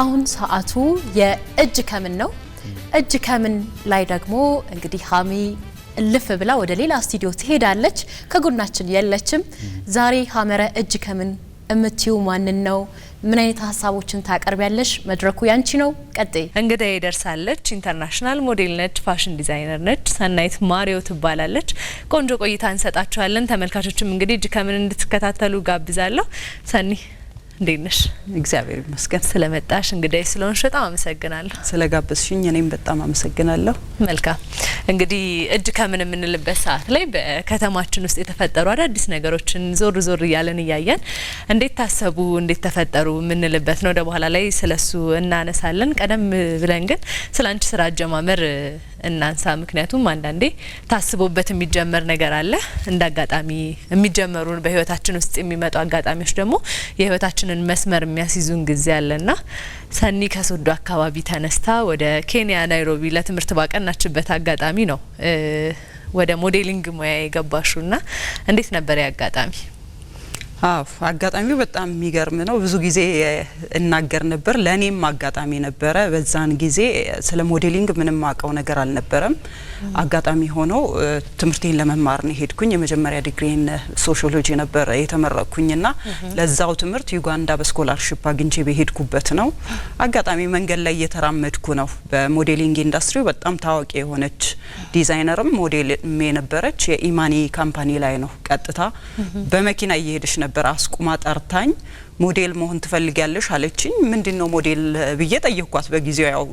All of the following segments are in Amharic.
አሁን ሰዓቱ የእጅ ከምን ነው። እጅ ከምን ላይ ደግሞ እንግዲህ ሀሚ እልፍ ብላ ወደ ሌላ ስቱዲዮ ትሄዳለች። ከጎናችን የለችም። ዛሬ ሀመረ እጅ ከምን እምትዩ ማንን ነው? ምን አይነት ሀሳቦችን ታቀርቢያለሽ? መድረኩ ያንቺ ነው። ቀጥይ። እንግዳ ይደርሳለች። ኢንተርናሽናል ሞዴል ነች፣ ፋሽን ዲዛይነር ነች። ሰናይት ማሪዮ ትባላለች። ቆንጆ ቆይታ እንሰጣችኋለን። ተመልካቾችም እንግዲህ እጅ ከምን እንድትከታተሉ ጋብዛለሁ። ሰኒ እንዴት ነሽ? እግዚአብሔር ይመስገን። ስለመጣሽ እንግዳይ ስለሆንሽ በጣም አመሰግናለሁ። ስለጋበዝሽኝ እኔም በጣም አመሰግናለሁ። መልካም እንግዲህ እጅ ከምን የምንልበት ሰዓት ላይ በከተማችን ውስጥ የተፈጠሩ አዳዲስ ነገሮችን ዞር ዞር እያለን እያየን እንዴት ታሰቡ፣ እንዴት ተፈጠሩ የምንልበት ነው። ወደ በኋላ ላይ ስለሱ እናነሳለን። ቀደም ብለን ግን ስለ አንቺ ስራ አጀማመር እናንሳ። ምክንያቱም አንዳንዴ ታስቦበት የሚጀመር ነገር አለ። እንደ አጋጣሚ የሚጀመሩ በህይወታችን ውስጥ የሚመጡ አጋጣሚዎች ደግሞ የህይወታችንን መስመር የሚያስይዙን ጊዜ አለና ሰኒ ከሶዶ አካባቢ ተነስታ ወደ ኬንያ ናይሮቢ ለትምህርት ባቀናችበት አጋጣሚ ነው ወደ ሞዴሊንግ ሙያ የገባሹና እንዴት ነበር ያ አጋጣሚ? አጋጣሚው በጣም የሚገርም ነው። ብዙ ጊዜ እናገር ነበር። ለእኔም አጋጣሚ ነበረ። በዛን ጊዜ ስለ ሞዴሊንግ ምንም አውቀው ነገር አልነበረም። አጋጣሚ ሆኖ ትምህርቴን ለመማር ነው ሄድኩኝ። የመጀመሪያ ዲግሪን ሶሽዮሎጂ ነበረ የተመረቅኩኝና ለዛው ትምህርት ዩጋንዳ በስኮላርሽፕ አግኝቼ በሄድኩበት ነው። አጋጣሚ መንገድ ላይ እየተራመድኩ ነው። በሞዴሊንግ ኢንዱስትሪ በጣም ታዋቂ የሆነች ዲዛይነርም ሞዴል የነበረች የኢማኒ ካምፓኒ ላይ ነው ቀጥታ በመኪና እየሄደች ነው ነበር አስቁማ ጠርታኝ ሞዴል መሆን ትፈልጊያለሽ አለችኝ። ምንድን ነው ሞዴል ብዬ ጠየኳት። በጊዜው ያው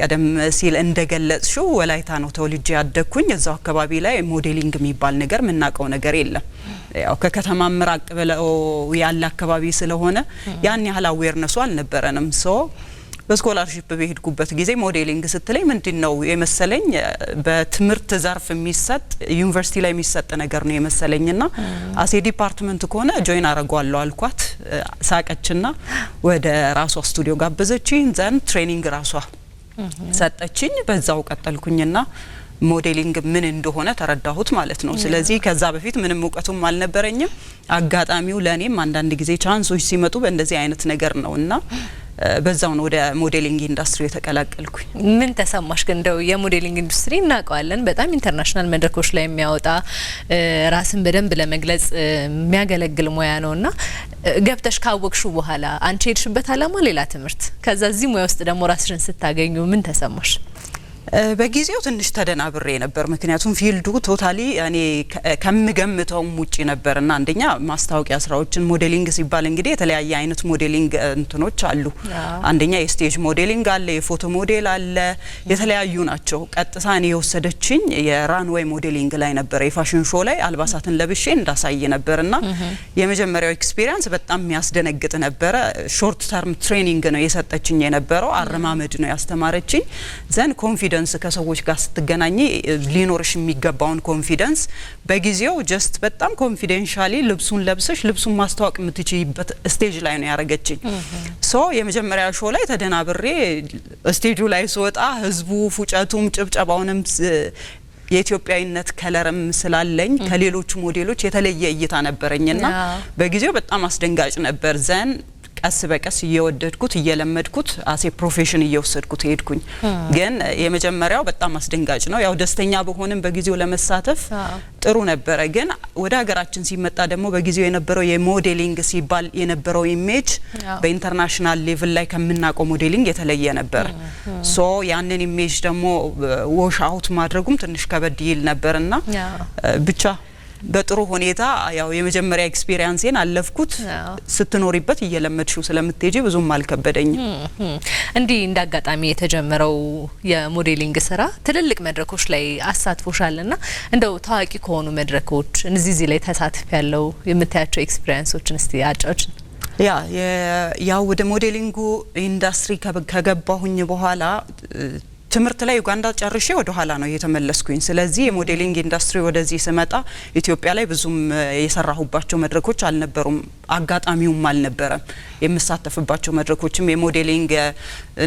ቀደም ሲል እንደገለጽሽው ወላይታ ነው ተወልጄ ያደግኩኝ። እዛው አካባቢ ላይ ሞዴሊንግ የሚባል ነገር የምናውቀው ነገር የለም። ያው ከከተማ ምራቅ ብለው ያለ አካባቢ ስለሆነ ያን ያህል አዌርነሱ አልነበረንም። ሶ በስኮላርሺፕ በሄድኩበት ጊዜ ሞዴሊንግ ስትለኝ ምንድን ነው የመሰለኝ በትምህርት ዘርፍ የሚሰጥ ዩኒቨርሲቲ ላይ የሚሰጥ ነገር ነው የመሰለኝ ና አሴ ዲፓርትመንት ከሆነ ጆይን አረጓለሁ አልኳት። ሳቀች ና ወደ ራሷ ስቱዲዮ ጋበዘችኝ። ዘን ትሬኒንግ ራሷ ሰጠችኝ። በዛው ቀጠልኩኝና ሞዴሊንግ ምን እንደሆነ ተረዳሁት ማለት ነው። ስለዚህ ከዛ በፊት ምንም እውቀቱም አልነበረኝም። አጋጣሚው ለእኔም አንዳንድ ጊዜ ቻንሶች ሲመጡ በእንደዚህ አይነት ነገር ነው እና በዛው ነው ወደ ሞዴሊንግ ኢንዱስትሪ የተቀላቀልኩኝ። ምን ተሰማሽ ግን? እንደው የሞዴሊንግ ኢንዱስትሪ እናውቀዋለን፣ በጣም ኢንተርናሽናል መድረኮች ላይ የሚያወጣ ራስን በደንብ ለመግለጽ የሚያገለግል ሙያ ነውና ገብተሽ ካወቅሹ በኋላ አንቺ ሄድሽበት አላማ ሌላ ትምህርት፣ ከዛ እዚህ ሙያ ውስጥ ደግሞ ራስሽን ስታገኙ ምን ተሰማሽ? በጊዜው ትንሽ ተደናብሬ ነበር። ምክንያቱም ፊልዱ ቶታሊ እኔ ከምገምተውም ውጪ ነበር እና አንደኛ ማስታወቂያ ስራዎችን ሞዴሊንግ ሲባል እንግዲህ የተለያየ አይነት ሞዴሊንግ እንትኖች አሉ። አንደኛ የስቴጅ ሞዴሊንግ አለ፣ የፎቶ ሞዴል አለ፣ የተለያዩ ናቸው። ቀጥታ እኔ የወሰደችኝ የራንዌይ ሞዴሊንግ ላይ ነበር። የፋሽን ሾ ላይ አልባሳትን ለብሼ እንዳሳይ ነበር እና የመጀመሪያው ኤክስፒሪንስ በጣም የሚያስደነግጥ ነበረ። ሾርት ተርም ትሬኒንግ ነው የሰጠችኝ የነበረው፣ አረማመድ ነው ያስተማረችኝ ዘን ኮንፊ ኮንፊደንስ ከሰዎች ጋር ስትገናኝ ሊኖርሽ የሚገባውን ኮንፊደንስ በጊዜው ጀስት በጣም ኮንፊደንሻሊ ልብሱን ለብሰሽ ልብሱን ማስተዋወቅ የምትችይበት ስቴጅ ላይ ነው ያደረገችኝ። ሶ የመጀመሪያ ሾ ላይ ተደናብሬ ስቴጁ ላይ ስወጣ ህዝቡ ፉጨቱም ጭብጨባውንም የኢትዮጵያዊነት ከለርም ስላለኝ ከሌሎቹ ሞዴሎች የተለየ እይታ ነበረኝና በጊዜው በጣም አስደንጋጭ ነበር ዘን ቀስ በቀስ እየወደድኩት እየለመድኩት አሴ ፕሮፌሽን እየወሰድኩት ሄድኩኝ። ግን የመጀመሪያው በጣም አስደንጋጭ ነው። ያው ደስተኛ በሆንም በጊዜው ለመሳተፍ ጥሩ ነበረ። ግን ወደ ሀገራችን ሲመጣ ደግሞ በጊዜው የነበረው የሞዴሊንግ ሲባል የነበረው ኢሜጅ በኢንተርናሽናል ሌቭል ላይ ከምናውቀው ሞዴሊንግ የተለየ ነበረ። ሶ ያንን ኢሜጅ ደግሞ ወሽ አውት ማድረጉም ትንሽ ከበድ ይል ነበርና ብቻ በጥሩ ሁኔታ ያው የመጀመሪያ ኤክስፒሪያንሴን አለፍኩት። ስትኖሪበት እየለመድሽው ስለምትሄጂ ብዙም አልከበደኝም። እንዲህ እንደ አጋጣሚ የተጀመረው የሞዴሊንግ ስራ ትልልቅ መድረኮች ላይ አሳትፎሻል እና እንደው ታዋቂ ከሆኑ መድረኮች እዚህ እዚህ ላይ ተሳትፍ ያለው የምታያቸው ኤክስፒሪያንሶችን እስቲ አጫዎች። ያ ያው ወደ ሞዴሊንጉ ኢንዱስትሪ ከገባሁኝ በኋላ ትምህርት ላይ ዩጋንዳ ጨርሼ ወደ ኋላ ነው የተመለስኩኝ። ስለዚህ የሞዴሊንግ ኢንዱስትሪ ወደዚህ ስመጣ ኢትዮጵያ ላይ ብዙም የሰራሁባቸው መድረኮች አልነበሩም፣ አጋጣሚውም አልነበረም። የምሳተፍባቸው መድረኮችም የሞዴሊንግ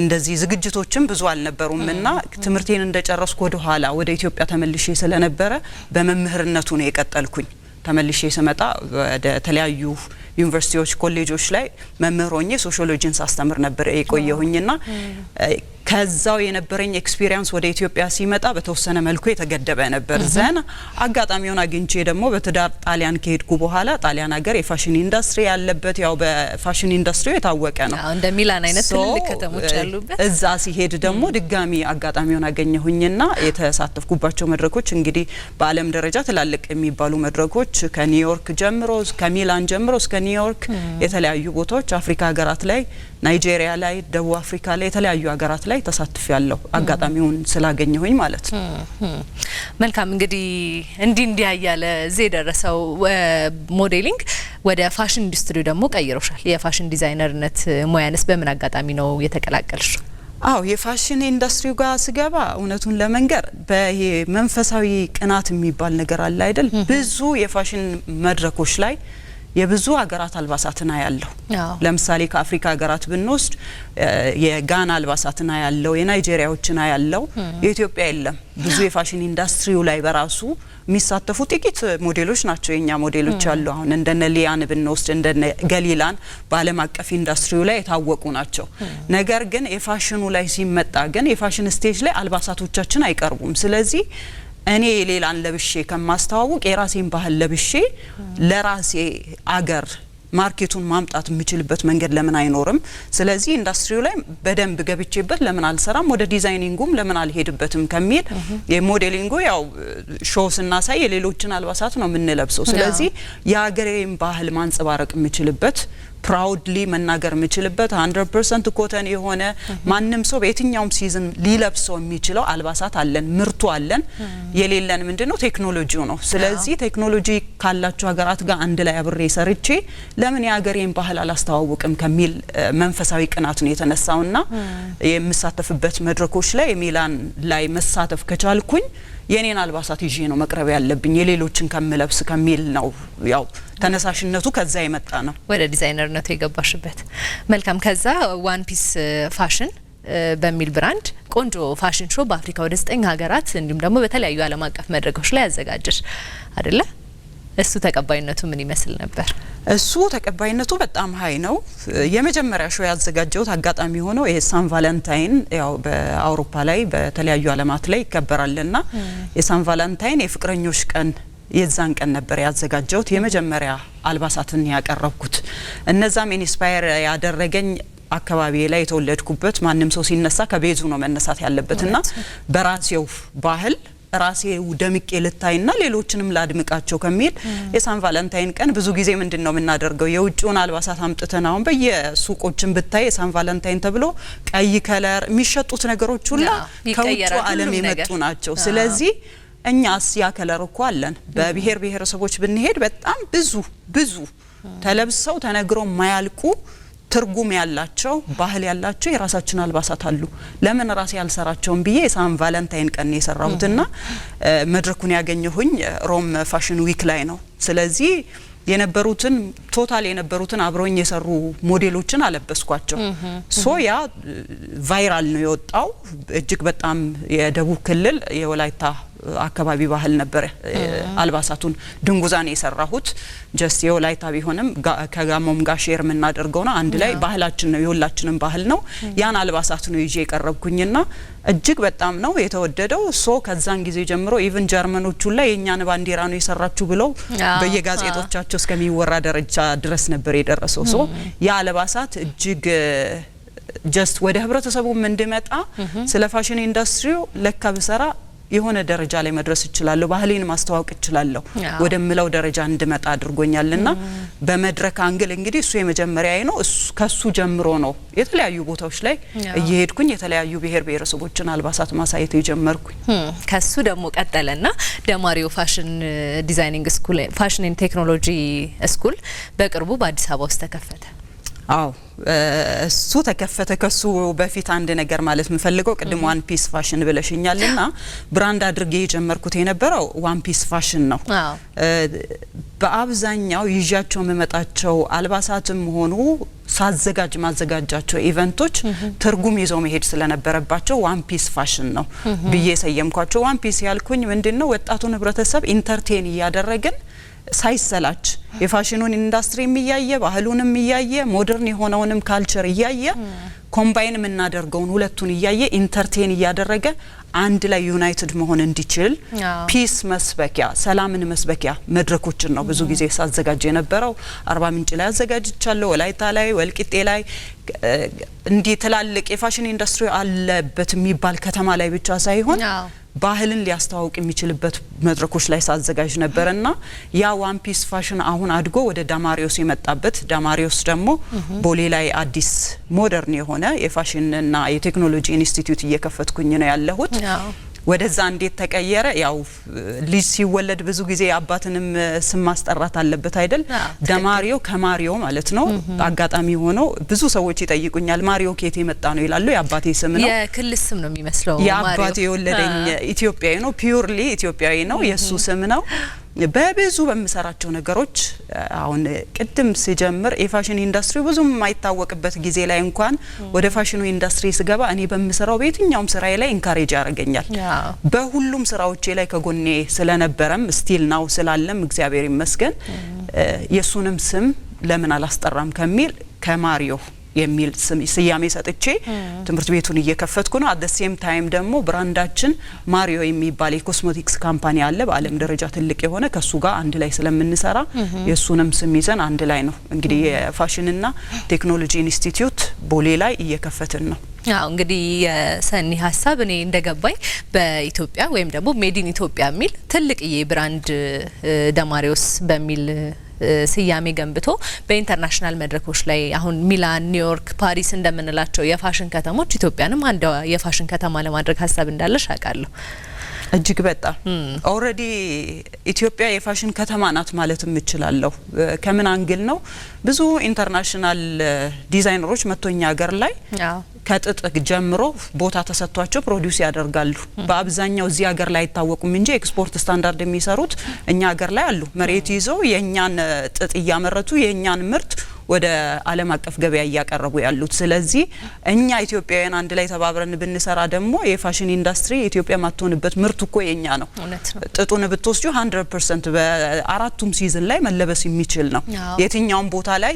እንደዚህ ዝግጅቶችም ብዙ አልነበሩም እና ትምህርቴን እንደጨረስኩ ወደ ኋላ ወደ ኢትዮጵያ ተመልሼ ስለነበረ በመምህርነቱ ነው የቀጠልኩኝ። ተመልሼ ስመጣ ወደ ተለያዩ ዩኒቨርሲቲዎች፣ ኮሌጆች ላይ መምህር ሆኜ ሶሽዮሎጂን ሳስተምር ነበር የቆየሁኝና ከዛው የነበረኝ ኤክስፒሪየንስ ወደ ኢትዮጵያ ሲመጣ በተወሰነ መልኩ የተገደበ ነበር። ዘን አጋጣሚውን አግኝቼ ደግሞ በትዳር ጣሊያን ከሄድኩ በኋላ ጣሊያን ሀገር የፋሽን ኢንዱስትሪ ያለበት ያው በፋሽን ኢንዱስትሪ የታወቀ ነው እንደ ሚላን አይነት ትልልቅ ከተሞች ያሉበት። እዛ ሲሄድ ደግሞ ድጋሚ አጋጣሚውን አገኘሁኝና የተሳተፍኩባቸው መድረኮች እንግዲህ በዓለም ደረጃ ትላልቅ የሚባሉ መድረኮች ከኒውዮርክ ጀምሮ ከሚላን ጀምሮ እስከ ኒውዮርክ የተለያዩ ቦታዎች አፍሪካ ሀገራት ላይ ናይጄሪያ ላይ፣ ደቡብ አፍሪካ ላይ የተለያዩ ሀገራት ላይ ተሳትፍ ያለው አጋጣሚውን ስላገኘሁኝ ማለት ነው። መልካም እንግዲህ እንዲህ እንዲህ እዚህ የደረሰው ሞዴሊንግ ወደ ፋሽን ኢንዱስትሪ ደግሞ ቀይሮሻል። የፋሽን ዲዛይነርነት ሙያንስ በምን አጋጣሚ ነው የተቀላቀልሽ? አው የፋሽን ኢንዱስትሪው ጋር ስገባ እውነቱን ለመንገር በይሄ መንፈሳዊ ቅናት የሚባል ነገር አለ አይደል? ብዙ የፋሽን መድረኮች ላይ የብዙ ሀገራት አልባሳትና ያለው ለምሳሌ ከአፍሪካ ሀገራት ብንወስድ የጋና አልባሳትና ያለው የናይጄሪያዎችና ያለው የኢትዮጵያ የለም። ብዙ የፋሽን ኢንዱስትሪው ላይ በራሱ የሚሳተፉ ጥቂት ሞዴሎች ናቸው የኛ ሞዴሎች አሉ። አሁን እንደነ ሊያን ብንወስድ እንደነ ገሊላን በዓለም አቀፍ ኢንዱስትሪው ላይ የታወቁ ናቸው። ነገር ግን የፋሽኑ ላይ ሲመጣ ግን የፋሽን ስቴጅ ላይ አልባሳቶቻችን አይቀርቡም። ስለዚህ እኔ ሌላን ለብሼ ከማስተዋውቅ የራሴን ባህል ለብሼ ለራሴ አገር ማርኬቱን ማምጣት የምችልበት መንገድ ለምን አይኖርም? ስለዚህ ኢንዱስትሪው ላይ በደንብ ገብቼበት ለምን አልሰራም? ወደ ዲዛይኒንጉም ለምን አልሄድበትም? ከሚል የሞዴሊንጉ ያው ሾው ስናሳይ የሌሎችን አልባሳት ነው የምንለብሰው። ስለዚህ የሀገሬን ባህል ማንጸባረቅ የምችልበት ፕራውድሊ መናገር የምችልበት 100 ፐርሰንት ኮተን የሆነ ማንም ሰው በየትኛውም ሲዝን ሊለብሰው የሚችለው አልባሳት አለን፣ ምርቱ አለን። የሌለን ምንድን ነው? ቴክኖሎጂው ነው። ስለዚህ ቴክኖሎጂ ካላቸው ሀገራት ጋር አንድ ላይ አብሬ ሰርቼ ለምን የሀገሬን ባህል አላስተዋውቅም ከሚል መንፈሳዊ ቅናት ነው የተነሳውና የምሳተፍበት መድረኮች ላይ የሚላን ላይ መሳተፍ ከቻልኩኝ የኔን አልባሳት ይዤ ነው መቅረብ ያለብኝ የሌሎችን ከምለብስ ከሚል ነው። ያው ተነሳሽነቱ ከዛ የመጣ ነው። ወደ ዲዛይነርነቱ የገባሽበት መልካም። ከዛ ዋን ፒስ ፋሽን በሚል ብራንድ ቆንጆ ፋሽን ሾ በአፍሪካ ወደ ዘጠኝ ሀገራት እንዲሁም ደግሞ በተለያዩ ዓለም አቀፍ መድረኮች ላይ ያዘጋጀሽ አይደለ? እሱ ተቀባይነቱ ምን ይመስል ነበር? እሱ ተቀባይነቱ በጣም ሀይ ነው። የመጀመሪያ ሾው ያዘጋጀሁት አጋጣሚ ሆኖ ይሄ ሳን ቫለንታይን ያው በአውሮፓ ላይ በተለያዩ ዓለማት ላይ ይከበራልና የሳን ቫለንታይን የፍቅረኞች ቀን የዛን ቀን ነበር ያዘጋጀሁት የመጀመሪያ አልባሳትን ያቀረብኩት። እነዛም ኢንስፓየር ያደረገኝ አካባቢ ላይ የተወለድኩበት ማንም ሰው ሲነሳ ከቤዙ ነው መነሳት ያለበትና በራሴው ባህል ራሴ ደምቄ ልታይና ሌሎችንም ላድምቃቸው ከሚል የሳን ቫለንታይን ቀን ብዙ ጊዜ ምንድን ነው የምናደርገው? የውጭውን አልባሳት አምጥተን አሁን በየሱቆችን ብታይ የሳን ቫለንታይን ተብሎ ቀይ ከለር የሚሸጡት ነገሮች ሁላ ከውጭ ዓለም የመጡ ናቸው። ስለዚህ እኛ ያ ከለር እኮ አለን። በብሔር ብሔረሰቦች ብንሄድ በጣም ብዙ ብዙ ተለብሰው ተነግረው ማያልቁ ትርጉም ያላቸው ባህል ያላቸው የራሳችን አልባሳት አሉ። ለምን ራሴ ያልሰራቸውም ብዬ የሳን ቫለንታይን ቀን የሰራሁትና መድረኩን ያገኘሁኝ ሮም ፋሽን ዊክ ላይ ነው። ስለዚህ የነበሩትን ቶታል የነበሩትን አብረውኝ የሰሩ ሞዴሎችን አለበስኳቸው። ሶ ያ ቫይራል ነው የወጣው። እጅግ በጣም የደቡብ ክልል የወላይታ አካባቢ ባህል ነበር አልባሳቱን ድንጉዛን የሰራሁት። ጀስት የወላይታ ቢሆንም ከጋሞም ጋር ሼር የምናደርገው ነው። አንድ ላይ ባህላችን ነው፣ የሁላችንም ባህል ነው። ያን አልባሳት ነው ይዤ የቀረብኩኝና እጅግ በጣም ነው የተወደደው። ሶ ከዛን ጊዜ ጀምሮ ኢቭን ጀርመኖቹ ላይ የእኛን ባንዲራ ነው የሰራችሁ ብለው በየጋዜጦቻቸው እስከሚወራ ደረጃ ድረስ ነበር የደረሰው። ሶ ያ አልባሳት እጅግ ጀስት ወደ ህብረተሰቡም እንድመጣ ስለ ፋሽን ኢንዱስትሪው ለካ ብሰራ የሆነ ደረጃ ላይ መድረስ እችላለሁ፣ ባህሌን ማስተዋወቅ እችላለሁ ወደምለው ደረጃ እንድመጣ አድርጎኛል። በመድረክ አንግል እንግዲህ እሱ የመጀመሪያዬ ነው። ከሱ ጀምሮ ነው የተለያዩ ቦታዎች ላይ እየሄድኩኝ የተለያዩ ብሔር ብሔረሰቦችን አልባሳት ማሳየት የጀመርኩኝ። ከሱ ደግሞ ቀጠለና ደማሪዮ ፋሽን ዲዛይኒንግ ስኩል ፋሽን ቴክኖሎጂ ስኩል በቅርቡ በአዲስ አበባ ውስጥ ተከፈተ። አዎ እሱ ተከፈተ። ከሱ በፊት አንድ ነገር ማለት የምፈልገው ቅድም ዋን ፒስ ፋሽን ብለሽኛል ና ብራንድ አድርጌ የጀመርኩት የነበረው ዋን ፒስ ፋሽን ነው። በአብዛኛው ይዣቸው የምመጣቸው አልባሳትም ሆኑ ሳዘጋጅ ማዘጋጃቸው ኢቨንቶች ትርጉም ይዘው መሄድ ስለነበረባቸው ዋን ፒስ ፋሽን ነው ብዬ ሰየምኳቸው። ዋን ፒስ ያልኩኝ ምንድን ነው ወጣቱን ህብረተሰብ ኢንተርቴን እያደረግን ሳይሰላች የፋሽኑን ኢንዱስትሪም እያየ ባህሉንም እያየ ሞደርን የሆነውንም ካልቸር እያየ ኮምባይን የምናደርገውን ሁለቱን እያየ ኢንተርቴን እያደረገ አንድ ላይ ዩናይትድ መሆን እንዲችል ፒስ መስበኪያ ሰላምን መስበኪያ መድረኮችን ነው ብዙ ጊዜ ሳዘጋጅ የነበረው። አርባ ምንጭ ላይ አዘጋጅቻለሁ፣ ወላይታ ላይ፣ ወልቂጤ ላይ እንዲህ ትላልቅ የፋሽን ኢንዱስትሪ አለበት የሚባል ከተማ ላይ ብቻ ሳይሆን ባህልን ሊያስተዋውቅ የሚችልበት መድረኮች ላይ ሳዘጋጅ ነበረና ያ ዋን ፒስ ፋሽን አሁን አድጎ ወደ ዳማሪዮስ የመጣበት ዳማሪዮስ ደግሞ ቦሌ ላይ አዲስ ሞደርን የሆነ የፋሽንና የቴክኖሎጂ ኢንስቲትዩት እየከፈትኩኝ ነው ያለሁት። ወደዛ እንዴት ተቀየረ? ያው ልጅ ሲወለድ ብዙ ጊዜ አባትንም ስም ማስጠራት አለበት አይደል? ደማሪዮ ከማሪዮ ማለት ነው። አጋጣሚ ሆኖ ብዙ ሰዎች ይጠይቁኛል፣ ማሪዮ ከየት የመጣ ነው ይላሉ። የአባቴ ስም ነው፣ የክልል ስም ነው የሚመስለው። የአባቴ የወለደኝ ኢትዮጵያዊ ነው፣ ፒውርሊ ኢትዮጵያዊ ነው፣ የእሱ ስም ነው። በብዙ በምሰራቸው ነገሮች አሁን ቅድም ሲጀምር የፋሽን ኢንዱስትሪ ብዙም የማይታወቅበት ጊዜ ላይ እንኳን ወደ ፋሽኑ ኢንዱስትሪ ስገባ እኔ በምሰራው በየትኛውም ስራዬ ላይ ኢንካሬጅ ያደርገኛል። በሁሉም ስራዎቼ ላይ ከጎኔ ስለነበረም ስቲል ናው ስላለም እግዚአብሔር ይመስገን የእሱንም ስም ለምን አላስጠራም ከሚል ከማሪዮ የሚል ስያሜ ሰጥቼ ትምህርት ቤቱን እየከፈትኩ ነው። አደ ሴም ታይም ደግሞ ብራንዳችን ማሪዮ የሚባል የኮስሞቲክስ ካምፓኒ አለ፣ በዓለም ደረጃ ትልቅ የሆነ ከሱ ጋር አንድ ላይ ስለምንሰራ የእሱንም ስም ይዘን አንድ ላይ ነው እንግዲህ የፋሽንና ቴክኖሎጂ ኢንስቲትዩት ቦሌ ላይ እየከፈትን ነው። አዎ እንግዲህ የሰኒ ሀሳብ እኔ እንደገባኝ በኢትዮጵያ ወይም ደግሞ ሜዲን ኢትዮጵያ የሚል ትልቅዬ ብራንድ ደማሪዎስ በሚል ስያሜ ገንብቶ በኢንተርናሽናል መድረኮች ላይ አሁን ሚላን፣ ኒውዮርክ፣ ፓሪስ እንደምንላቸው የፋሽን ከተሞች ኢትዮጵያንም አንድ የፋሽን ከተማ ለማድረግ ሀሳብ እንዳለሽ አውቃለሁ። እጅግ በጣም ኦልሬዲ ኢትዮጵያ የፋሽን ከተማ ናት ማለት የምችላለሁ። ከምን አንግል ነው? ብዙ ኢንተርናሽናል ዲዛይነሮች መጥቶ ሀገር ላይ ከጥጥ ጀምሮ ቦታ ተሰጥቷቸው ፕሮዲውስ ያደርጋሉ። በአብዛኛው እዚህ ሀገር ላይ አይታወቁም እንጂ ኤክስፖርት ስታንዳርድ የሚሰሩት እኛ ሀገር ላይ አሉ። መሬት ይዘው የእኛን ጥጥ እያመረቱ የእኛን ምርት ወደ ዓለም አቀፍ ገበያ እያቀረቡ ያሉት። ስለዚህ እኛ ኢትዮጵያውያን አንድ ላይ ተባብረን ብንሰራ ደግሞ የፋሽን ኢንዱስትሪ ኢትዮጵያ ማትሆንበት ምርት እኮ የኛ ነው። ጥጡን ብትወስጁ 100 ፐርሰንት በአራቱም ሲዝን ላይ መለበስ የሚችል ነው። የትኛውም ቦታ ላይ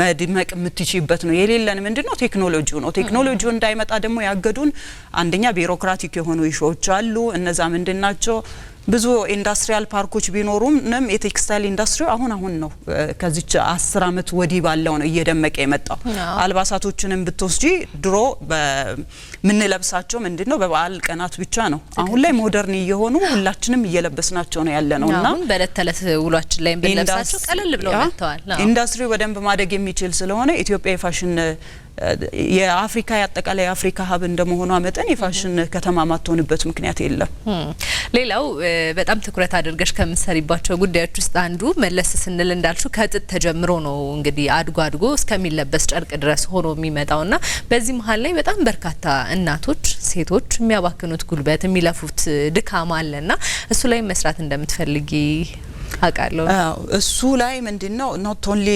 መድመቅ የምትችበት ነው። የሌለን ምንድን ነው? ቴክኖሎጂው ነው። ቴክኖሎጂው እንዳይመጣ ደግሞ ያገዱን አንደኛ ቢሮክራቲክ የሆኑ ይሾዎች አሉ። እነዛ ምንድን ናቸው? ብዙ ኢንዱስትሪያል ፓርኮች ቢኖሩንም የቴክስታይል ኢንዱስትሪ አሁን አሁን ነው ከዚች አስር አመት ወዲህ ባለው ነው እየደመቀ የመጣው። አልባሳቶችንም ብትወስጂ ድሮ የምንለብሳቸው ምንድን ነው በበዓል ቀናት ብቻ ነው። አሁን ላይ ሞደርን እየሆኑ ሁላችንም እየለበስናቸው ነው ያለ ነው እና በእለት ተእለት ውሏችን ላይ ብንለብሳቸው ቀለል ብለው መጥተዋል። ኢንዱስትሪ በደንብ ማደግ የሚችል ስለሆነ ኢትዮጵያ የፋሽን የአፍሪካ የአጠቃላይ የአፍሪካ ሀብ እንደመሆኗ መጠን የፋሽን ከተማ ማትሆንበት ምክንያት የለም። ሌላው በጣም ትኩረት አድርገሽ ከምትሰሪባቸው ጉዳዮች ውስጥ አንዱ መለስ ስንል እንዳልሹ ከጥጥ ተጀምሮ ነው እንግዲህ አድጎ አድጎ እስከሚለበስ ጨርቅ ድረስ ሆኖ ና በዚህ መሀል ላይ በጣም በርካታ እናቶች፣ ሴቶች የሚያባክኑት ጉልበት፣ የሚለፉት ድካም ና እሱ ላይ መስራት እንደምትፈልጊ አውቃለሁ። እሱ ላይ ምንድነው ኖት ኦንሊ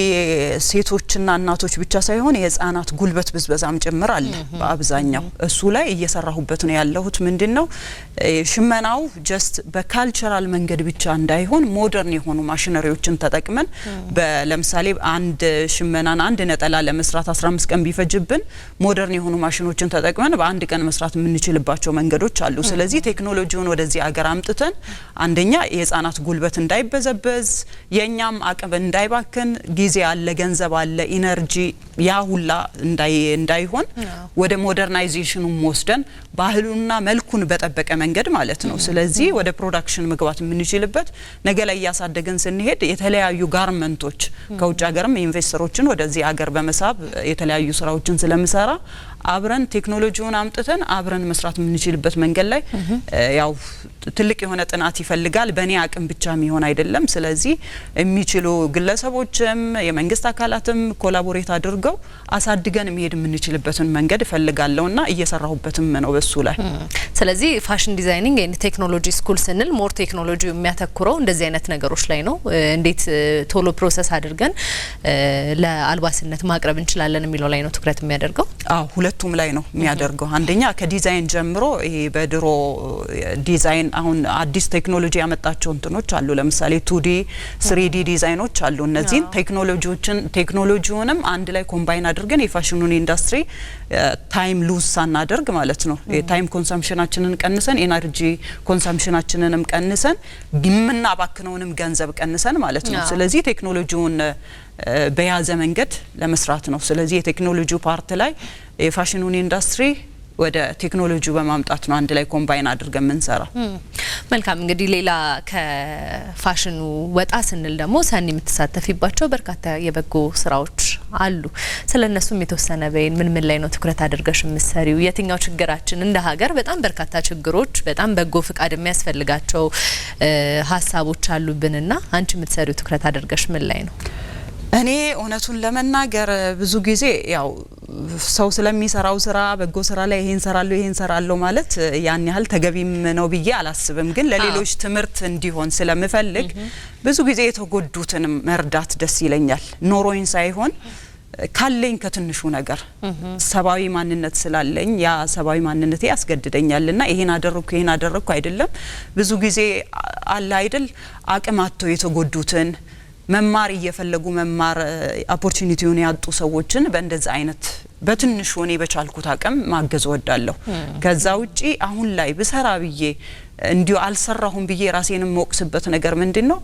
ሴቶችና እናቶች ብቻ ሳይሆን የህጻናት ጉልበት ብዝበዛም ጭምር አለ። በአብዛኛው እሱ ላይ እየሰራሁበት ነው ያለሁት። ምንድነው ሽመናው ጀስት በካልቸራል መንገድ ብቻ እንዳይሆን ሞደርን የሆኑ ማሽነሪዎችን ተጠቅመን ለምሳሌ አንድ ሽመናን አንድ ነጠላ ለመስራት 15 ቀን ቢፈጅብን ሞደርን የሆኑ ማሽኖችን ተጠቅመን በአንድ ቀን መስራት የምንችልባቸው መንገዶች አሉ። ስለዚህ ቴክኖሎጂውን ወደዚህ አገር አምጥተን አንደኛ የህጻናት ጉልበት እንዳይበዛ እንዳይበዘበዝ የእኛም አቅም እንዳይባክን ጊዜ አለ፣ ገንዘብ አለ፣ ኢነርጂ ያ ሁላ እንዳይሆን ወደ ሞደርናይዜሽኑም ወስደን ባህሉና መልኩን በጠበቀ መንገድ ማለት ነው። ስለዚህ ወደ ፕሮዳክሽን መግባት የምንችልበት ነገ ላይ እያሳደግን ስንሄድ የተለያዩ ጋርመንቶች ከውጭ ሀገርም ኢንቨስተሮችን ወደዚህ ሀገር በመሳብ የተለያዩ ስራዎችን ስለምሰራ አብረን ቴክኖሎጂውን አምጥተን አብረን መስራት የምንችልበት መንገድ ላይ ያው ትልቅ የሆነ ጥናት ይፈልጋል። በእኔ አቅም ብቻ የሚሆን አይደለም። አይደለም። ስለዚህ የሚችሉ ግለሰቦችም የመንግስት አካላትም ኮላቦሬት አድርገው አሳድገን መሄድ የምንችልበትን መንገድ ና እየሰራሁበትም ነው በሱ ላይ። ስለዚህ ፋሽን ዲዛይኒንግ ኤንድ ቴክኖሎጂ ስኩል ስንል ሞር ቴክኖሎጂ የሚያተኩረው እንደዚህ አይነት ነገሮች ላይ ነው። እንዴት ቶሎ ፕሮሰስ አድርገን ለአልባስነት ማቅረብ እንችላለን የሚለው ላይ ነው ትኩረት የሚያደርገው። አዎ ሁለቱም ላይ ነው የሚያደርገው። አንደኛ ከዲዛይን ጀምሮ ይሄ በድሮ ዲዛይን አሁን አዲስ ቴክኖሎጂ ያመጣቸው እንትኖች አሉ ለምሳሌ ቱዲ ስሪዲ ዲዛይኖች አሉ። እነዚህን ቴክኖሎጂዎችን ቴክኖሎጂውንም አንድ ላይ ኮምባይን አድርገን የፋሽኑን ኢንዱስትሪ ታይም ሉዝ ሳናደርግ ማለት ነው የታይም ኮንሰምሽናችንን ቀንሰን ኤነርጂ ኮንሰምሽናችንንም ቀንሰን የምናባክነውንም ገንዘብ ቀንሰን ማለት ነው። ስለዚህ ቴክኖሎጂውን በያዘ መንገድ ለመስራት ነው። ስለዚህ የቴክኖሎጂው ፓርት ላይ የፋሽኑን ኢንዱስትሪ ወደ ቴክኖሎጂ በማምጣት ነው አንድ ላይ ኮምባይን አድርገን የምንሰራው። መልካም እንግዲህ ሌላ ከፋሽኑ ወጣ ስንል ደግሞ ሰኒ የምትሳተፊባቸው በርካታ የበጎ ስራዎች አሉ። ስለ እነሱም የተወሰነ በይን። ምን ምን ላይ ነው ትኩረት አድርገሽ የምትሰሪው? የትኛው ችግራችን እንደ ሀገር በጣም በርካታ ችግሮች፣ በጣም በጎ ፍቃድ የሚያስፈልጋቸው ሀሳቦች አሉብንና አንቺ የምትሰሪው ትኩረት አድርገሽ ምን ላይ ነው? እኔ እውነቱን ለመናገር ብዙ ጊዜ ያው ሰው ስለሚሰራው ስራ በጎ ስራ ላይ ይሄን ሰራለሁ ይሄን ሰራለሁ ማለት ያን ያህል ተገቢም ነው ብዬ አላስብም። ግን ለሌሎች ትምህርት እንዲሆን ስለምፈልግ ብዙ ጊዜ የተጎዱትን መርዳት ደስ ይለኛል። ኖሮኝ ሳይሆን ካለኝ ከትንሹ ነገር ሰብአዊ ማንነት ስላለኝ ያ ሰብአዊ ማንነቴ ያስገድደኛል ና ይሄን አደረግኩ ይሄን አደረግኩ አይደለም ብዙ ጊዜ አለ አይደል አቅማቸው የተጎዱትን መማር እየፈለጉ መማር ኦፖርቹኒቲውን ያጡ ሰዎችን በእንደዚህ አይነት በትንሹ እኔ በቻልኩት አቅም ማገዝ ወዳለሁ። ከዛ ውጪ አሁን ላይ ብሰራ ብዬ እንዲሁ አልሰራሁም ብዬ ራሴንም መወቅስበት ነገር ምንድን ነው?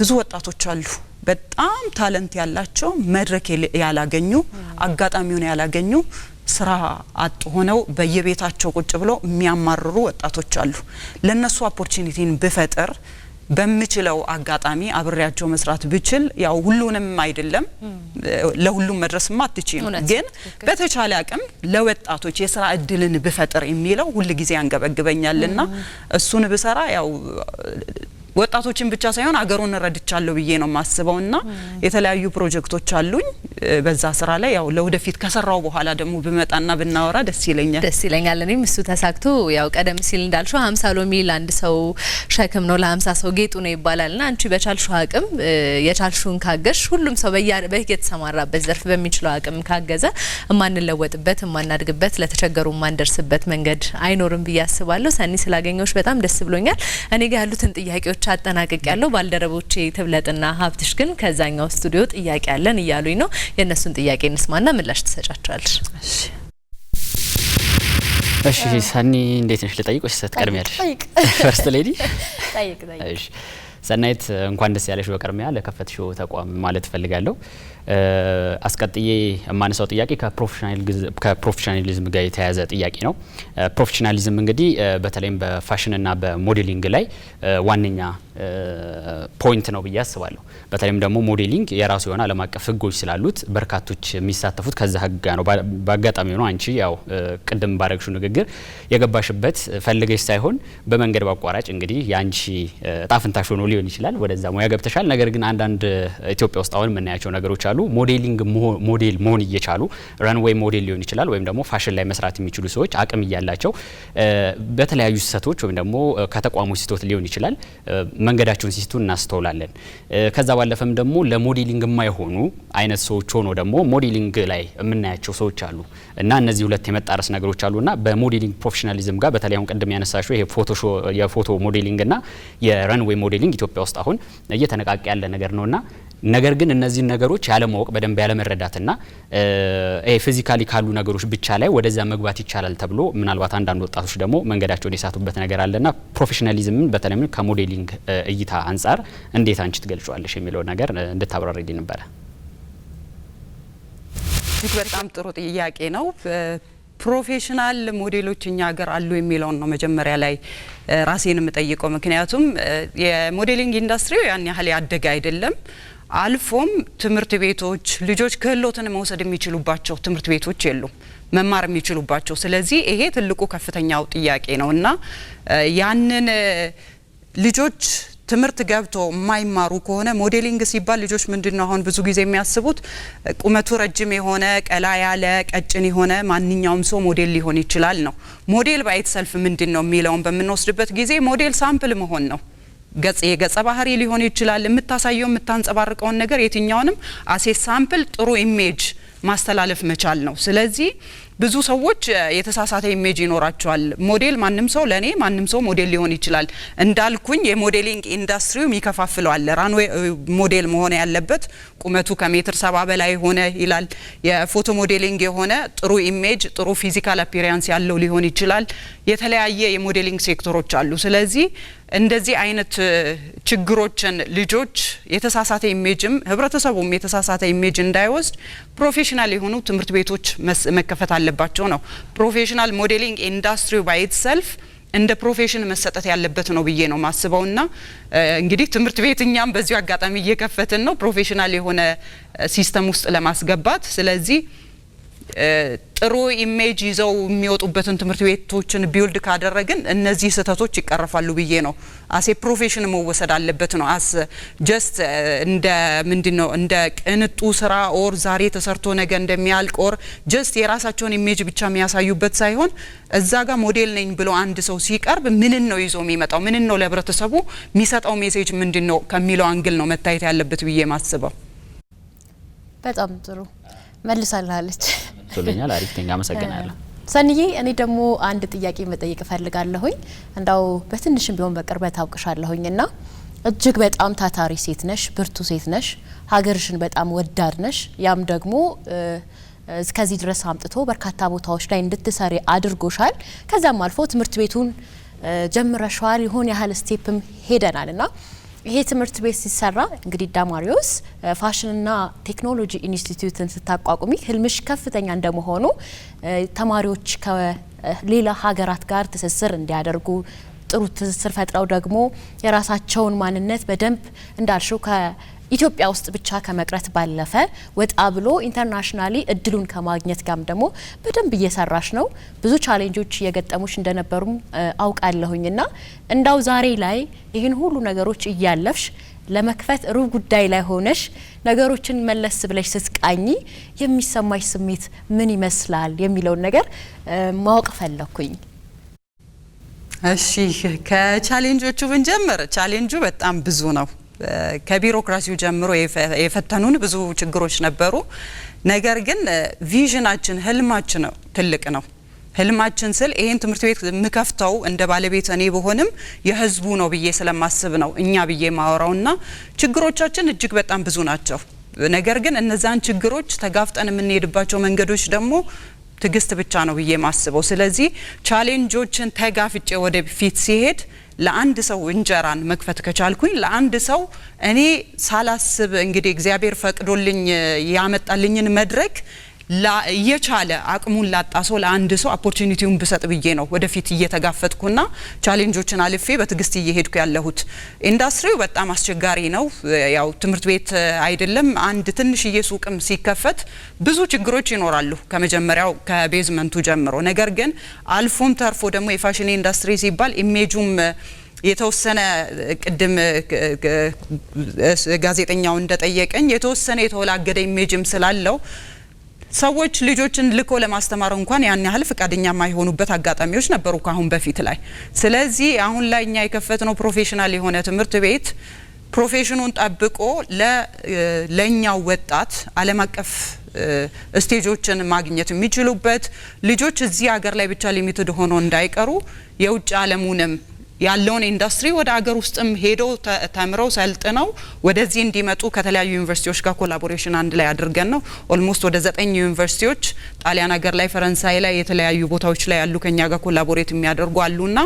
ብዙ ወጣቶች አሉ በጣም ታለንት ያላቸው መድረክ ያላገኙ አጋጣሚውን ያላገኙ ስራ አጥ ሆነው በየቤታቸው ቁጭ ብለው የሚያማርሩ ወጣቶች አሉ። ለነሱ ኦፖርቹኒቲን ብፈጥር በምችለው አጋጣሚ አብሬያቸው መስራት ብችል ያው ሁሉንም አይደለም ለሁሉም መድረስም አትችም፣ ግን በተቻለ አቅም ለወጣቶች የስራ እድልን ብፈጥር የሚለው ሁልጊዜ ያንገበግበኛልና እሱን ብሰራ ያው ወጣቶችን ብቻ ሳይሆን አገሩን ረድቻለሁ ብዬ ነው የማስበው የተለያዩ ፕሮጀክቶች አሉኝ በዛ ስራ ላይ ያው ለወደፊት ከሰራው በኋላ ደግሞ ብመጣና ብናወራ ደስ ይለኛል ደስ ይለኛል። እኔም እሱ ተሳክቶ ያው ቀደም ሲል እንዳልሽው ሀምሳ ሎሚ ለአንድ ሰው ሸክም ነው ለሀምሳ ሰው ጌጡ ነው ይባላል እና አንቺ በቻልሹ አቅም የቻልሹን ካገሽ ሁሉም ሰው የተሰማራበት ዘርፍ በሚችለው አቅም ካገዘ የማንለወጥበት ማናድግበት ለተቸገሩ የማንደርስበት መንገድ አይኖርም ብዬ አስባለሁ። ሰኒ ስላገኘዎች በጣም ደስ ብሎኛል። እኔ ጋር ያሉትን ጥያቄዎች ጥያቄዎች አጠናቀቅ ያለው ባልደረቦቼ ትብለጥና ሀብትሽ ግን ከዛኛው ስቱዲዮ ጥያቄ ያለን እያሉኝ ነው። የእነሱን ጥያቄ እንስማና ምላሽ ትሰጫቸዋለሽ። እሺ ሰኒ እንዴት ነሽ? ልጠይቅ ወይስ ያለሽ ፈርስት ሌዲ ጠይቅ ጠይቅ። ሰናይት እንኳን ደስ ያለሽ በቅድሚያ ለከፈትሽው ተቋም ማለት እፈልጋለሁ። አስቀጥዬ የማነሳው ጥያቄ ከፕሮፌሽናሊዝም ጋር የተያያዘ ጥያቄ ነው። ፕሮፌሽናሊዝም እንግዲህ በተለይም በፋሽንና በሞዴሊንግ ላይ ዋነኛ ፖይንት ነው ብዬ አስባለሁ። በተለይም ደግሞ ሞዴሊንግ የራሱ የሆነ ዓለም አቀፍ ሕጎች ስላሉት በርካቶች የሚሳተፉት ከዛ ሕግ ጋር ነው። በአጋጣሚ ሆኖ አንቺ ያው ቅድም ባረግሹ ንግግር የገባሽበት ፈልገሽ ሳይሆን በመንገድ ባቋራጭ እንግዲህ የአንቺ ጣፍንታሽ ሆኖ ሊሆን ይችላል ወደዛ ሙያ ገብተሻል። ነገር ግን አንዳንድ ኢትዮጵያ ውስጥ አሁን የምናያቸው ነገሮች እየቻሉ ሞዴሊንግ ሞዴል መሆን እየቻሉ ራንዌይ ሞዴል ሊሆን ይችላል ወይም ደግሞ ፋሽን ላይ መስራት የሚችሉ ሰዎች አቅም እያላቸው በተለያዩ ስህተቶች ወይም ደግሞ ከተቋሙ ስህተት ሊሆን ይችላል መንገዳቸውን ሲስቱ እናስተውላለን። ከዛ ባለፈም ደግሞ ለሞዴሊንግ የማይሆኑ አይነት ሰዎች ሆኖ ደግሞ ሞዴሊንግ ላይ የምናያቸው ሰዎች አሉ እና እነዚህ ሁለት የመጣረስ ነገሮች አሉ እና በሞዴሊንግ ፕሮፌሽናሊዝም ጋር በተለይ አሁን ቅድም ያነሳሽው ይሄ የፎቶ ሞዴሊንግ እና የረንዌይ ሞዴሊንግ ኢትዮጵያ ውስጥ አሁን እየተነቃቀ ያለ ነገር ነውና ነገር ግን እነዚህን ነገሮች ያለማወቅ በደንብ ያለመረዳትና ፊዚካሊ ካሉ ነገሮች ብቻ ላይ ወደዚያ መግባት ይቻላል ተብሎ ምናልባት አንዳንድ ወጣቶች ደግሞ መንገዳቸውን የሳቱበት ነገር አለና ፕሮፌሽናሊዝምን በተለይም ከሞዴሊንግ እይታ አንጻር እንዴት አንቺ ትገልጫዋለሽ የሚለው ነገር እንድታብራሪ ነበረ። እጅግ በጣም ጥሩ ጥያቄ ነው። ፕሮፌሽናል ሞዴሎች እኛ ሀገር አሉ የሚለውን ነው መጀመሪያ ላይ ራሴን የምጠይቀው። ምክንያቱም የሞዴሊንግ ኢንዱስትሪው ያን ያህል ያደገ አይደለም። አልፎም ትምህርት ቤቶች ልጆች ክህሎትን መውሰድ የሚችሉባቸው ትምህርት ቤቶች የሉም መማር የሚችሉባቸው። ስለዚህ ይሄ ትልቁ ከፍተኛው ጥያቄ ነው እና ያንን ልጆች ትምህርት ገብቶ የማይማሩ ከሆነ ሞዴሊንግ ሲባል ልጆች ምንድን ነው አሁን ብዙ ጊዜ የሚያስቡት ቁመቱ ረጅም የሆነ ቀላ ያለ ቀጭን የሆነ ማንኛውም ሰው ሞዴል ሊሆን ይችላል ነው። ሞዴል ባይት ሰልፍ ምንድን ነው የሚለውን በምንወስድበት ጊዜ ሞዴል ሳምፕል መሆን ነው። ገጽ የገጸ ባህሪ ሊሆን ይችላል። የምታሳየው የምታንጸባርቀውን ነገር የትኛውንም አሴ ሳምፕል ጥሩ ኢሜጅ ማስተላለፍ መቻል ነው። ስለዚህ ብዙ ሰዎች የተሳሳተ ኢሜጅ ይኖራቸዋል። ሞዴል ማንም ሰው ለእኔ ማንም ሰው ሞዴል ሊሆን ይችላል እንዳልኩኝ የሞዴሊንግ ኢንዱስትሪውም ይከፋፍለዋል። ራንዌ ሞዴል መሆን ያለበት ቁመቱ ከሜትር ሰባ በላይ ሆነ ይላል። የፎቶ ሞዴሊንግ የሆነ ጥሩ ኢሜጅ ጥሩ ፊዚካል አፒሪያንስ ያለው ሊሆን ይችላል። የተለያየ የሞዴሊንግ ሴክተሮች አሉ። ስለዚህ እንደዚህ አይነት ችግሮችን ልጆች የተሳሳተ ኢሜጅም ህብረተሰቡም የተሳሳተ ኢሜጅ እንዳይወስድ ፕሮፌሽናል የሆኑ ትምህርት ቤቶች መከፈት አለባቸው ነው። ፕሮፌሽናል ሞዴሊንግ ኢንዱስትሪው ባይትሰልፍ እንደ ፕሮፌሽን መሰጠት ያለበት ነው ብዬ ነው ማስበው። ና እንግዲህ ትምህርት ቤት እኛም በዚሁ አጋጣሚ እየከፈትን ነው ፕሮፌሽናል የሆነ ሲስተም ውስጥ ለማስገባት ስለዚህ ጥሩ ኢሜጅ ይዘው የሚወጡበትን ትምህርት ቤቶችን ቢውልድ ካደረግን እነዚህ ስህተቶች ይቀረፋሉ ብዬ ነው። አሴ ፕሮፌሽን መወሰድ አለበት ነው። አስ ጀስት እንደ ምንድን ነው እንደ ቅንጡ ስራ ኦር ዛሬ ተሰርቶ ነገ እንደሚያልቅ ኦር ጀስት የራሳቸውን ኢሜጅ ብቻ የሚያሳዩበት ሳይሆን እዛ ጋር ሞዴል ነኝ ብሎ አንድ ሰው ሲቀርብ ምንን ነው ይዞ የሚመጣው? ምንን ነው ለህብረተሰቡ የሚሰጠው ሜሴጅ ምንድን ነው ከሚለው አንግል ነው መታየት ያለበት ብዬ ማስበው። በጣም ጥሩ መልሳለች። ብሎኛል። አሪፍ ቴንግ አመሰግናለሁ። ሰንዬ እኔ ደግሞ አንድ ጥያቄ መጠየቅ እፈልጋለሁኝ እንዳው በትንሽም ቢሆን በቅርበት አውቅሻለሁኝ እና እጅግ በጣም ታታሪ ሴት ነሽ፣ ብርቱ ሴት ነሽ፣ ሀገርሽን በጣም ወዳድ ነሽ። ያም ደግሞ እስከዚህ ድረስ አምጥቶ በርካታ ቦታዎች ላይ እንድትሰሪ አድርጎሻል። ከዚያም አልፎ ትምህርት ቤቱን ጀምረሻል። ይሆን ያህል ስቴፕም ሄደናል እና ይሄ ትምህርት ቤት ሲሰራ እንግዲህ ዳማሪዮስ ፋሽንና ቴክኖሎጂ ኢንስቲትዩትን ስታቋቁሚ ህልምሽ ከፍተኛ እንደመሆኑ ተማሪዎች ከሌላ ሀገራት ጋር ትስስር እንዲያደርጉ ጥሩ ትስስር ፈጥረው ደግሞ የራሳቸውን ማንነት በደንብ እንዳልሽው ኢትዮጵያ ውስጥ ብቻ ከመቅረት ባለፈ ወጣ ብሎ ኢንተርናሽናሊ እድሉን ከማግኘት ጋርም ደግሞ በደንብ እየሰራሽ ነው። ብዙ ቻሌንጆች እየገጠሙሽ እንደነበሩም አውቃለሁኝ እና እንዳው ዛሬ ላይ ይህን ሁሉ ነገሮች እያለፍሽ ለመክፈት ሩብ ጉዳይ ላይ ሆነሽ ነገሮችን መለስ ብለሽ ስትቃኝ የሚሰማሽ ስሜት ምን ይመስላል የሚለውን ነገር ማወቅ ፈለኩኝ። እሺ ከቻሌንጆቹ ብንጀምር ቻሌንጁ በጣም ብዙ ነው። ከቢሮክራሲው ጀምሮ የፈተኑን ብዙ ችግሮች ነበሩ። ነገር ግን ቪዥናችን ህልማችን ነው ትልቅ ነው። ህልማችን ስል ይሄን ትምህርት ቤት የምከፍተው እንደ ባለቤት እኔ በሆንም የህዝቡ ነው ብዬ ስለማስብ ነው እኛ ብዬ እና ችግሮቻችን እጅግ በጣም ብዙ ናቸው። ነገር ግን እነዛን ችግሮች ተጋፍጠን የምንሄድባቸው መንገዶች ደግሞ ትግስት ብቻ ነው ብዬ ማስበው። ስለዚህ ቻሌንጆችን ተጋፍጬ ወደፊት ሲሄድ ለአንድ ሰው እንጀራን መክፈት ከቻልኩኝ ለአንድ ሰው እኔ ሳላስብ እንግዲህ እግዚአብሔር ፈቅዶልኝ ያመጣልኝን መድረክ የቻለ አቅሙን ላጣ ሰው ለአንድ ሰው ኦፖርቹኒቲውን ብሰጥ ብዬ ነው ወደፊት እየተጋፈጥኩና ቻሌንጆችን አልፌ በትዕግስት እየሄድኩ ያለሁት። ኢንዱስትሪው በጣም አስቸጋሪ ነው። ያው ትምህርት ቤት አይደለም አንድ ትንሽዬ ሱቅም ሲከፈት ብዙ ችግሮች ይኖራሉ ከመጀመሪያው ከቤዝመንቱ ጀምሮ። ነገር ግን አልፎም ተርፎ ደግሞ የፋሽን ኢንዱስትሪ ሲባል ኢሜጁም የተወሰነ ቅድም ጋዜጠኛው እንደጠየቀኝ የተወሰነ የተወላገደ ኢሜጅም ስላለው ሰዎች ልጆችን ልኮ ለማስተማር እንኳን ያን ያህል ፍቃደኛ የማይሆኑበት አጋጣሚዎች ነበሩ ከአሁን በፊት ላይ። ስለዚህ አሁን ላይ እኛ የከፈትነው ፕሮፌሽናል የሆነ ትምህርት ቤት ፕሮፌሽኑን ጠብቆ ለእኛው ወጣት ዓለም አቀፍ ስቴጆችን ማግኘት የሚችሉበት ልጆች እዚህ ሀገር ላይ ብቻ ሊሚትድ ሆኖ እንዳይቀሩ የውጭ ዓለሙንም ያለውን ኢንዱስትሪ ወደ አገር ውስጥም ሄደው ተምረው ሰልጥነው ወደዚህ እንዲመጡ ከተለያዩ ዩኒቨርሲቲዎች ጋር ኮላቦሬሽን አንድ ላይ አድርገን ነው ኦልሞስት ወደ ዘጠኝ ዩኒቨርሲቲዎች ጣሊያን ሀገር ላይ፣ ፈረንሳይ ላይ፣ የተለያዩ ቦታዎች ላይ ያሉ ከኛ ጋር ኮላቦሬት የሚያደርጉ አሉና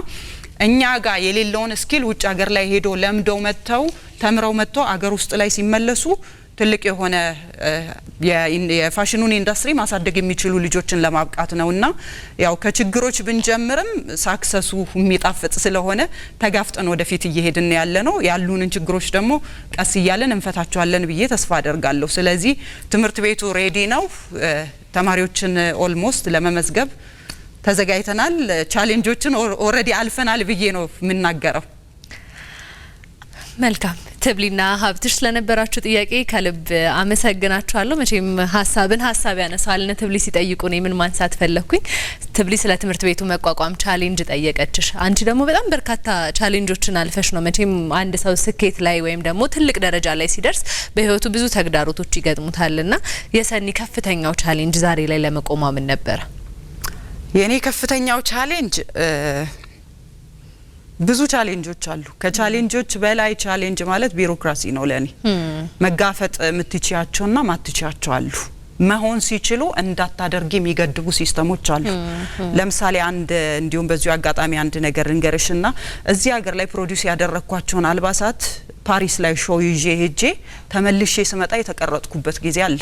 እኛ ጋር የሌለውን ስኪል ውጭ ሀገር ላይ ሄዶ ለምደው መጥተው ተምረው መጥተው አገር ውስጥ ላይ ሲመለሱ ትልቅ የሆነ የፋሽኑን ኢንዱስትሪ ማሳደግ የሚችሉ ልጆችን ለማብቃት እና ያው ከችግሮች ብንጀምርም ሳክሰሱ የሚጣፍጥ ስለሆነ ተጋፍጠን ወደፊት እየሄድን ያለ ነው። ያሉንን ችግሮች ደግሞ ቀስ እያለን እንፈታቸዋለን ብዬ ተስፋ አደርጋለሁ። ስለዚህ ትምህርት ቤቱ ሬዲ ነው። ተማሪዎችን ኦልሞስት ለመመዝገብ ተዘጋጅተናል። ቻሌንጆችን ኦልሬዲ አልፈናል ብዬ ነው የምናገረው። መልካም ተብሊና ሀብትሽ ስለነበራችሁ ጥያቄ ከልብ አመሰግናችኋለሁ። መቼም ሀሳብን ሀሳብ ያነሳል። እነ ትብሊ ሲጠይቁ እኔ ምን ማንሳት ፈለግኩኝ? ትብሊ ስለ ትምህርት ቤቱ መቋቋም ቻሌንጅ ጠየቀችሽ። አንቺ ደግሞ በጣም በርካታ ቻሌንጆችን አልፈሽ ነው። መቼም አንድ ሰው ስኬት ላይ ወይም ደግሞ ትልቅ ደረጃ ላይ ሲደርስ በህይወቱ ብዙ ተግዳሮቶች ይገጥሙታልና የሰኒ ከፍተኛው ቻሌንጅ ዛሬ ላይ ለመቆሟ ምን ነበረ? የእኔ ከፍተኛው ቻሌንጅ ብዙ ቻሌንጆች አሉ። ከቻሌንጆች በላይ ቻሌንጅ ማለት ቢሮክራሲ ነው። ለኔ መጋፈጥ የምትችያቸውና ማትችያቸው አሉ። መሆን ሲችሉ እንዳታደርግ የሚገድቡ ሲስተሞች አሉ። ለምሳሌ አንድ እንዲሁም በዚሁ አጋጣሚ አንድ ነገር እንገርሽና እዚህ ሀገር ላይ ፕሮዲውስ ያደረግኳቸውን አልባሳት ፓሪስ ላይ ሾው ይዤ ሄጄ ተመልሼ ስመጣ የተቀረጥኩበት ጊዜ አለ።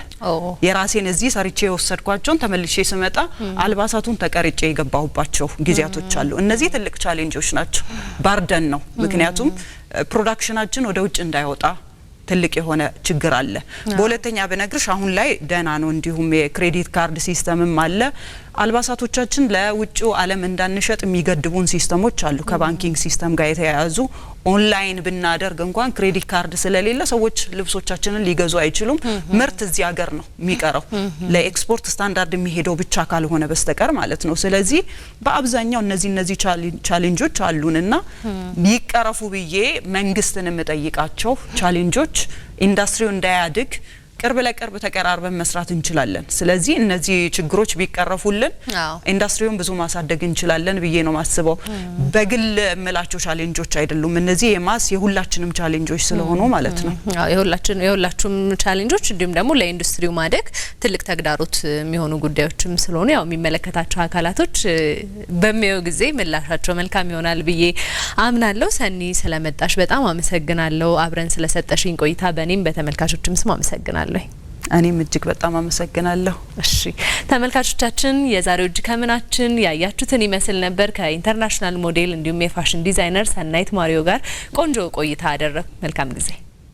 የራሴን እዚህ ሰርቼ የወሰድኳቸውን ተመልሼ ስመጣ አልባሳቱን ተቀርጬ የገባሁባቸው ጊዜያቶች አሉ። እነዚህ ትልቅ ቻሌንጆች ናቸው። ባርደን ነው ምክንያቱም ፕሮዳክሽናችን ወደ ውጭ እንዳይወጣ ትልቅ የሆነ ችግር አለ። በሁለተኛ ብነግርሽ አሁን ላይ ደህና ነው። እንዲሁም የክሬዲት ካርድ ሲስተምም አለ አልባሳቶቻችን ለውጭው ዓለም እንዳንሸጥ የሚገድቡን ሲስተሞች አሉ። ከባንኪንግ ሲስተም ጋር የተያያዙ ኦንላይን ብናደርግ እንኳን ክሬዲት ካርድ ስለሌለ ሰዎች ልብሶቻችንን ሊገዙ አይችሉም። ምርት እዚህ ሀገር ነው የሚቀረው ለኤክስፖርት ስታንዳርድ የሚሄደው ብቻ ካልሆነ በስተቀር ማለት ነው። ስለዚህ በአብዛኛው እነዚህ እነዚህ ቻሌንጆች አሉንና ይቀረፉ ብዬ መንግስትን የምጠይቃቸው ቻሌንጆች ኢንዱስትሪው እንዳያድግ ቅርብ ለቅርብ ተቀራርበን መስራት እንችላለን። ስለዚህ እነዚህ ችግሮች ቢቀረፉልን ኢንዱስትሪውን ብዙ ማሳደግ እንችላለን ብዬ ነው ማስበው። በግል የምላቸው ቻሌንጆች አይደሉም እነዚህ የማስ የሁላችንም ቻሌንጆች ስለሆኑ ማለት ነው። የሁላችሁም ቻሌንጆች እንዲሁም ደግሞ ለኢንዱስትሪው ማደግ ትልቅ ተግዳሮት የሚሆኑ ጉዳዮችም ስለሆኑ ያው የሚመለከታቸው አካላቶች በሚያዩ ጊዜ ምላሻቸው መልካም ይሆናል ብዬ አምናለሁ። ሰኒ ስለመጣሽ በጣም አመሰግናለሁ። አብረን ስለሰጠሽኝ ቆይታ በእኔም በተመልካቾችም ስም አመሰግናለሁ። ላይ እኔም እጅግ በጣም አመሰግናለሁ። እሺ ተመልካቾቻችን፣ የዛሬው እጅ ከምናችን ያያችሁትን ይመስል ነበር። ከኢንተርናሽናል ሞዴል እንዲሁም የፋሽን ዲዛይነር ሰናይት ማሪዮ ጋር ቆንጆ ቆይታ አደረግ። መልካም ጊዜ